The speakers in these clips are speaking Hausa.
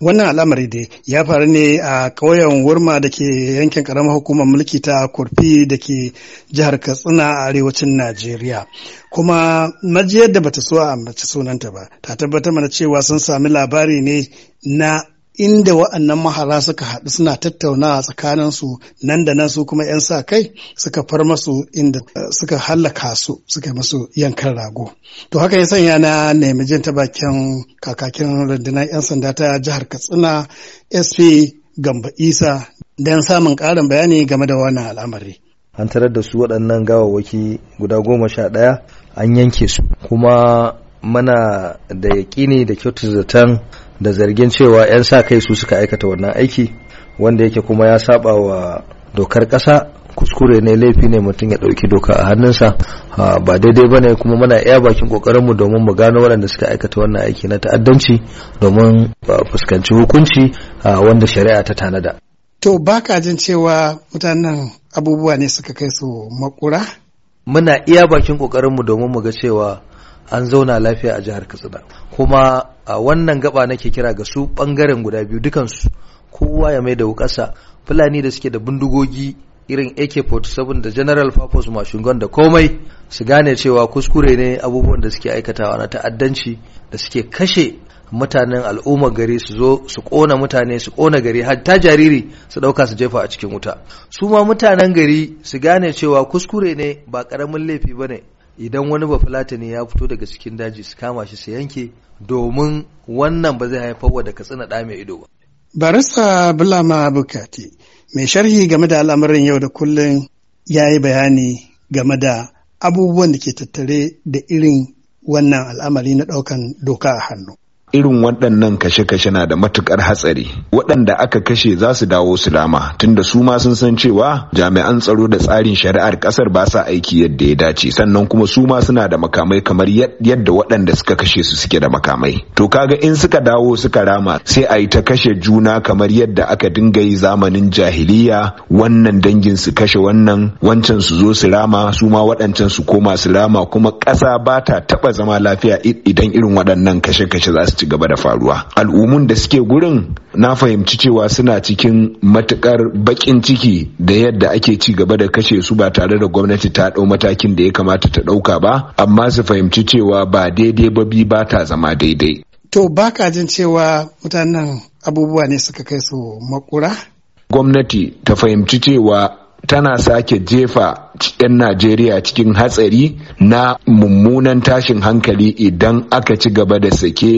Wannan al'amari dai ya faru ne a ƙauyen Wurma da ke yankin ƙaramar hukumar mulki ta Kurfi da ke jihar Katsina a arewacin Najeriya. Kuma majiyar da bata so a ambaci sunanta ba, ta tabbatar mana cewa sun sami labari ne na inda wa'annan mahara suka haɗu suna tattaunawa tsakanin su nan da nan su kuma 'yan sa kai suka far masu inda eh, suka hallaka su suka masu yankan rago to haka ya sanya na nemi jin ta bakin kakakin rundunar 'yan sanda ta jihar katsina sp gamba isa don samun ƙarin bayani game da wannan al'amari an tarar da su waɗannan gawawwaki guda goma sha ɗaya an yanke su kuma mana da yaƙini da kyautu zaton da zargin cewa 'yan sa kai su suka aikata wannan aiki wanda yake kuma ya saba wa dokar ƙasa kuskure ne laifi ne mutum ya ɗauki doka a hannunsa ba daidai ba ne kuma muna iya bakin ƙoƙarinmu domin mu gano waɗanda suka aikata wannan aiki na ta'addanci domin fuskanci hukunci wanda shari'a ta tanada. To ba ka jin cewa mutanen abubuwa ne suka kai su makura? Muna iya bakin ƙoƙarinmu domin mu ga cewa an zauna lafiya a jihar katsina kuma a wannan gaba nake kira ga su bangaren guda biyu dukansu kowa ya mai da wukasa fulani da suke da bindigogi irin ak-47 da general purpose mashingon da komai su gane cewa kuskure ne abubuwan da suke aikatawa na ta'addanci da suke kashe mutanen al'ummar gari su zo su kona mutane su kona gari hatta jariri su dauka su jefa a cikin wuta su ma mutanen gari su gane cewa kuskure ne ba karamin laifi bane idan wani ne ya fito daga cikin daji su kama shi su yanke domin wannan ba zai haifar wa da katsina ɗa mai ido ba. barista bulama bukati mai sharhi game da al'amarin yau da kullum ya yi bayani game da abubuwan da ke tattare da irin wannan al'amari na ɗaukan doka a hannu. irin waɗannan kashe-kashe na da matukar hatsari waɗanda aka kashe za su dawo su dama tunda su ma sun san cewa jami'an tsaro da tsarin shari'ar ƙasar ba sa aiki yadda ya dace sannan kuma su ma suna da makamai kamar yadda waɗanda suka kashe su suke da makamai to kaga in suka dawo suka rama sai a yi ta kashe juna kamar yadda aka dinga yi zamanin jahiliya wannan dangin su kashe wannan wancan su zo su rama su ma waɗancan su koma su rama kuma ƙasa ba ta taɓa zama lafiya idan irin waɗannan kashe-kashe za su ci gaba da faruwa al'umun da suke gurin na fahimci cewa suna cikin matukar bakin ciki da yadda ake ci gaba da kashe su ba tare da gwamnati ta ɗau matakin da ya kamata ta ɗauka ba amma su fahimci cewa ba daidai ba bi ba ta zama daidai to baka jin cewa mutanen abubuwa ne suka kai su makura gwamnati ta fahimci cewa tana sake jefa 'yan Najeriya cikin hatsari na mummunan tashin hankali idan aka ci gaba da sake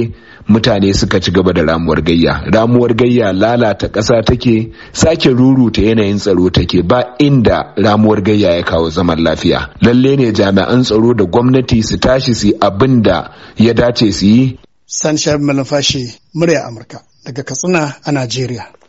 mutane suka ci gaba da ramuwar gayya ramuwar gayya lalata ƙasa take sake ruruta yanayin tsaro take ba inda ramuwar gayya ya kawo zaman lafiya lalle ne jami'an tsaro da gwamnati su tashi su abin da ya dace su yi murya amurka daga katsina a najeriya